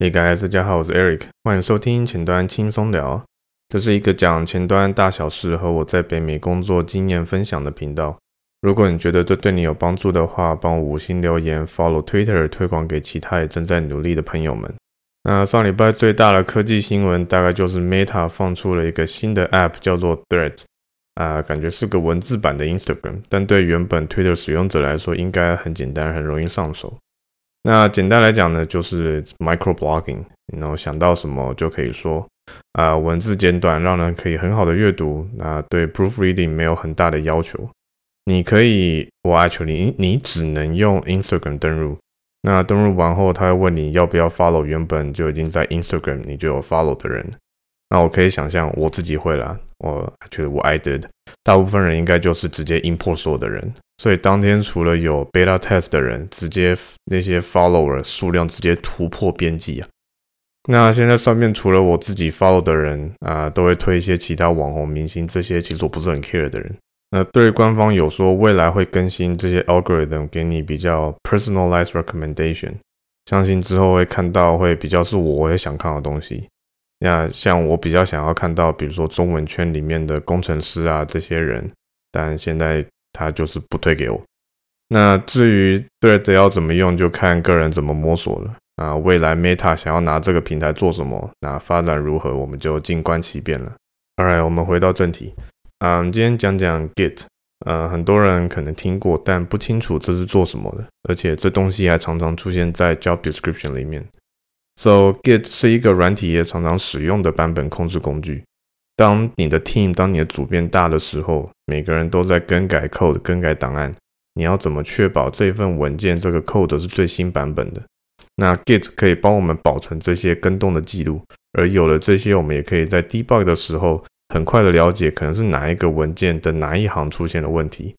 Hey guys，大家好，我是 Eric，歡迎收聽前端輕鬆聊。這是一個講前端大小事和我在北美工作經驗分享的頻道。如果你覺得這對你有幫助的話，幫我五星留言，follow Twitter 推廣給其他也正在努力的朋友們。那、呃、上禮拜最大的科技新聞大概就是 Meta 放出了一個新的 App，叫做 Threads，啊、呃，感覺是個文字版的 Instagram，但對原本 Twitter 使用者來說應該很簡單，很容易上手。那簡單來講呢，就是 micro blogging，然後 you know, 想到什麼就可以說，呃，文字簡短，讓人可以很好的閱讀。那、呃、對 proofreading 沒有很大的要求。你可以，我 actually，你，你只能用 Instagram 登入。那登入完後，他會問你要不要 follow 原本就已經在 Instagram 你就有 follow 的人。那我可以想象我自己會啦，我覺得我 I did。大部分人應該就是直接 import 所有的人。所以當天除了有 beta test 的人，直接那些 follower 數量直接突破邊際啊。那現在上面除了我自己 follow 的人啊、呃，都會推一些其他網紅、明星這些其實我不是很 care 的人。那對於官方有說未來會更新這些 algorithm 給你比較 personalized recommendation，相信之後會看到會比較是我也想看的東西。那像我比較想要看到，比如說中文圈裡面的工程師啊這些人，但現在，他就是不退給我。那至於 Thread 要怎麼用，就看個人怎麼摸索了啊。未來 Meta 想要拿這個平台做什麼，那、啊、發展如何，我們就靜觀其變了。Alright，我們回到正題。嗯，今天講講 Git、呃。嗯，很多人可能聽過，但不清楚這是做什麼的。而且這東西還常常出現在 job description 裡面。So Git 是一個軟體業常常使用的版本控制工具。當你的 team，當你的組變大的時候，每個人都在更改 code、更改檔案，你要怎麼確保這份文件這個 code 是最新版本的？那 Git 可以幫我們保存這些更動的記錄，而有了這些，我們也可以在 debug 的時候很快的了解可能是哪一個文件的哪一行出現了問題。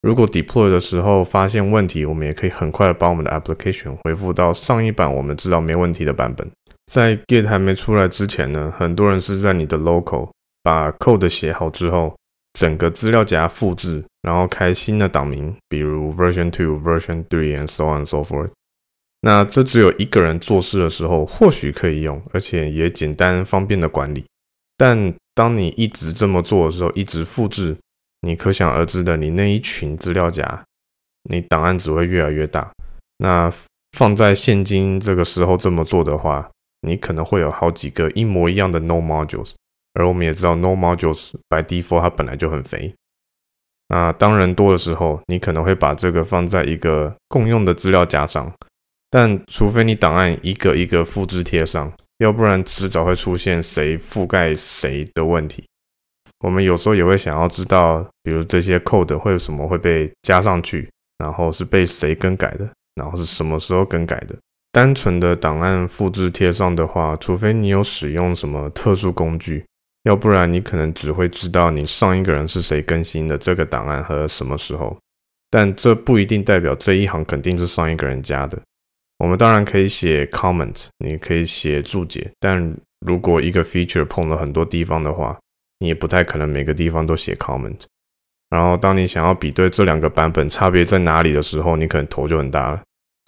如果 deploy 的時候發現問題，我們也可以很快的把我們的 application 恢復到上一版我們知道沒問題的版本。在 Git 還沒出來之前呢，很多人是在你的 local。把 code 寫好之後，整個資料夾複製，然後開新的檔名，比如 version two、version three and so on and so forth。那這只有一個人做事的時候或許可以用，而且也簡單方便的管理。但當你一直這麼做的時候，一直複製，你可想而知的，你那一群資料夾，你檔案只會越來越大。那放在現今這個時候這麼做的話，你可能會有好幾個一模一樣的 node modules。而我們也知道，node_modules by default 它本來就很肥。那當人多的時候，你可能會把這個放在一個共用的資料夾上，但除非你檔案一個一個複製貼上，要不然遲早會出現誰覆蓋誰的問題。我們有時候也會想要知道，比如這些 code 會有什麼會被加上去，然後是被誰更改的，然後是什麼時候更改的。單純的檔案複製貼上的話，除非你有使用什麼特殊工具。要不然你可能只會知道你上一個人是誰更新的這個檔案和什麼時候，但這不一定代表這一行肯定是上一個人加的。我們當然可以寫 comment，你可以寫注解，但如果一個 feature 碰了很多地方的話，你也不太可能每個地方都寫 comment。然後當你想要比對這兩個版本差別在哪裡的時候，你可能頭就很大了。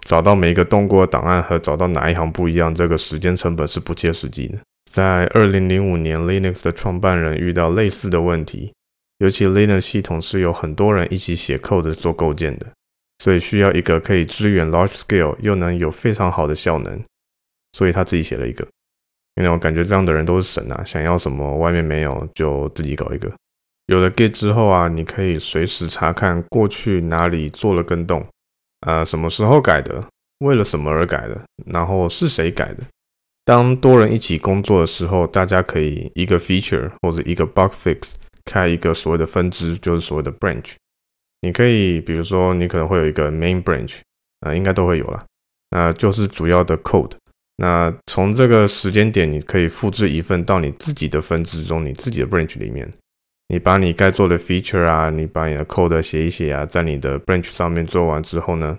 找到每個動過的檔案和找到哪一行不一樣，這個時間成本是不切實際的。在二零零五年，Linux 的創辦人遇到類似的問題，尤其 Linux 系統是有很多人一起寫 code 做構建的，所以需要一個可以支援 large scale，又能有非常好的效能，所以他自己寫了一個。因為我感覺這樣的人都是神吶，啊，想要什麼外面沒有就自己搞一個。有了 Git 之後啊，你可以隨時查看過去哪裡做了更動，呃，什麼時候改的，為了什麼而改的，然後是誰改的。當多人一起工作的時候，大家可以一個 feature 或者一個 bug fix 開一個所謂的分支，就是所謂的 branch。你可以，比如說，你可能會有一個 main branch，啊、呃，應該都會有了，那就是主要的 code。那從這個時間點，你可以複製一份到你自己的分支中，你自己的 branch 裡面。你把你該做的 feature 啊，你把你的 code 寫一寫啊，在你的 branch 上面做完之後呢。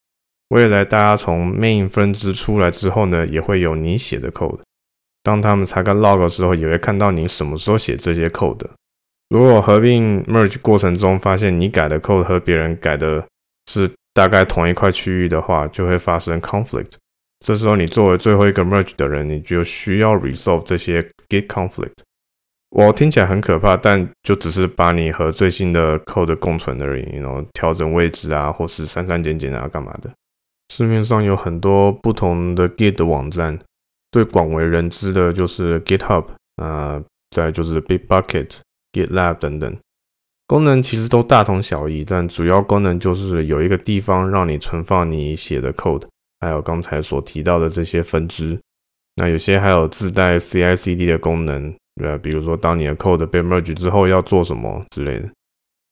未來大家從 main 分支出來之後呢，也會有你寫的 code。當他們查看 log 的時候，也會看到你什麼時候寫這些 code。如果合併 merge 過程中發現你改的 code 和別人改的是大概同一塊區域的話，就會發生 conflict。這時候你作為最後一個 merge 的人，你就需要 resolve 這些 git conflict。我聽起來很可怕，但就只是把你和最新的 code 共存而已，然後調整位置啊，或是刪刪減減啊，幹嘛的。市面上有很多不同的 Git 網站，最廣為人知的就是 GitHub，呃，再就是 Bitbucket、GitLab 等等。功能其實都大同小異，但主要功能就是有一個地方讓你存放你寫的 code，還有剛才所提到的這些分支。那有些還有自帶 CI/CD 的功能，呃，比如說當你的 code 被 merge 之後要做什麼之類的，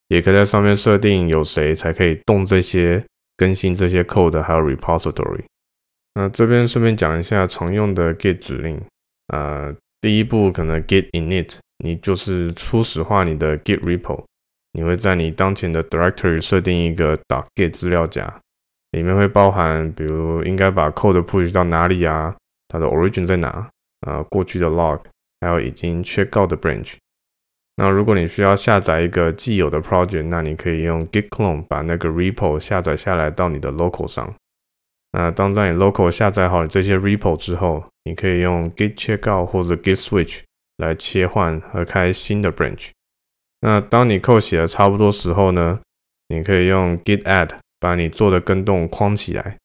也可以在上面設定有誰才可以動這些。更新這些 code 還有 repository。那這邊順便講一下常用的 git 指令。呃，第一步可能 git init，你就是初始化你的 git repo。你會在你當前的 directory 設定一個 .git 資料夾，裡面會包含比如應該把 code push 到哪裡啊，它的 origin 在哪，呃，過去的 log，還有已經 checkout 的 branch。那如果你需要下載一個既有的 project，那你可以用 git clone 把那個 repo 下載下來到你的 local 上。那當在你 local 下載好你這些 repo 之後，你可以用 git checkout 或者 git switch 來切換和開新的 branch。那當你扣寫的差不多時候呢，你可以用 git add 把你做的更動框起來，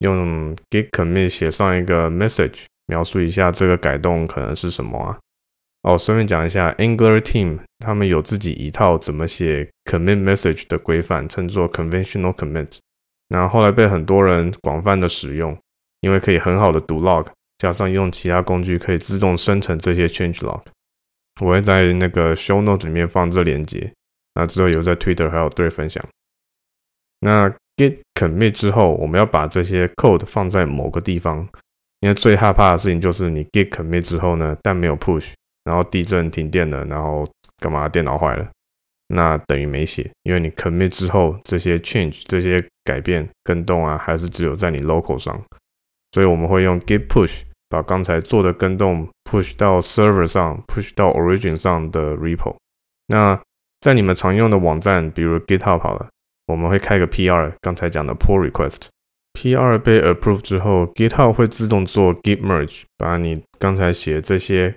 用 git commit 寫上一個 message，描述一下這個改動可能是什麼啊。哦，順便講一下，Angular team 他們有自己一套怎麼寫 commit message 的規範，稱作 conventional commit。然後，後來被很多人廣泛的使用，因為可以很好的讀 log，加上用其他工具可以自動生成這些 change log。我會在那個 show notes 裡面放這鏈接。那之後有在 Twitter 還有對分享。那 git commit 之後，我們要把這些 code 放在某個地方，因為最害怕的事情就是你 git commit 之後呢，但沒有 push。然後地震停電了，然後幹嘛電腦壞了？那等於沒寫，因為你 commit 之後這些 change 這些改變、更動啊，還是只有在你 local 上。所以我們會用 git push 把剛才做的更動 push 到 server 上，push 到 origin 上的 repo。那在你們常用的網站，比如 GitHub 好了，我們會開個 PR，剛才講的 pull request。PR 被 approve 之後，GitHub 會自動做 git merge，把你剛才寫這些。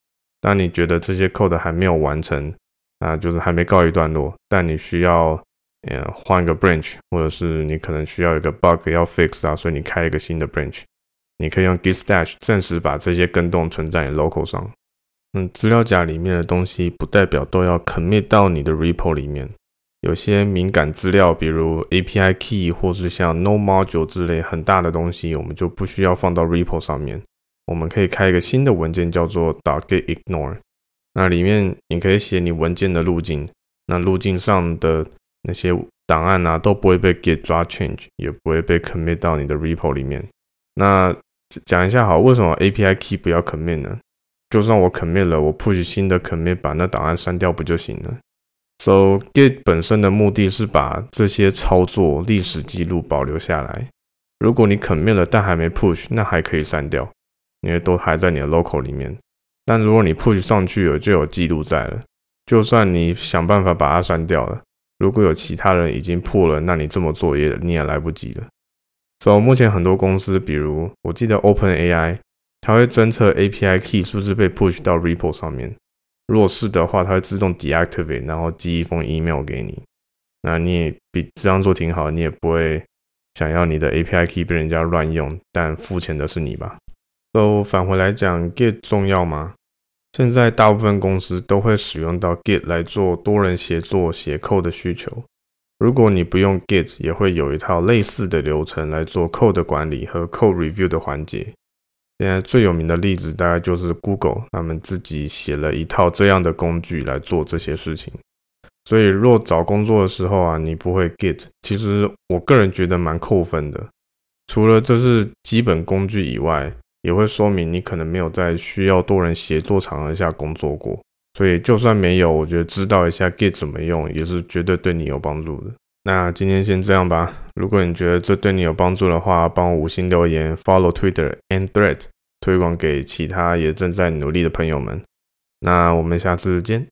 當你覺得這些 code 還沒有完成，啊，就是還沒告一段落，但你需要，嗯，換一個 branch，或者是你可能需要一個 bug 要 fix 啊，所以你開一個新的 branch，你可以用 git stash 暫時把這些更動存在你 local 上。嗯，資料夾裡面的東西不代表都要 commit 到你的 repo 裡面，有些敏感資料，比如 API key 或是像 no module 之類很大的東西，我們就不需要放到 repo 上面。我們可以開一個新的文件，叫做 .gitignore，那裡面你可以寫你文件的路徑，那路徑上的那些檔案啊都不會被 git 抓 change，也不會被 commit 到你的 repo 裡面。那講一下好，為什麼 API key 不要 commit 呢？就算我 commit 了，我 push 新的 commit，把那檔案刪掉不就行了？So git 本身的目的是把這些操作歷史記錄保留下來。如果你 commit 了但還沒 push，那還可以刪掉。因為都還在你的 local 裡面，但如果你 push 上去了，就有記錄在了。就算你想辦法把它刪掉了，如果有其他人已經 pull 了，那你這麼做也你也來不及了。所以目前很多公司，比如我記得 OpenAI，它會偵測 API key 是不是被 push 到 repo 上面，如果是的話，它會自動 deactivate，然後寄一封 email 給你。那你也比這樣做挺好，你也不會想要你的 API key 被人家亂用，但付錢的是你吧？都返回來講，Git 重要嗎？現在大部分公司都會使用到 Git 來做多人協作寫 code 的需求。如果你不用 Git，也會有一套類似的流程來做 code 的管理和 code review 的環節。現在最有名的例子大概就是 Google，他們自己寫了一套這樣的工具來做這些事情。所以，若找工作的時候啊，你不會 Git，其實我個人覺得蠻扣分的。除了這是基本工具以外，也會說明你可能沒有在需要多人協作場合下工作過，所以就算沒有，我覺得知道一下 Git 怎麼用也是絕對對你有幫助的。那今天先這樣吧。如果你覺得這對你有幫助的話，幫我五星留言，Follow Twitter and Thread 推廣給其他也正在努力的朋友們。那我們下次見。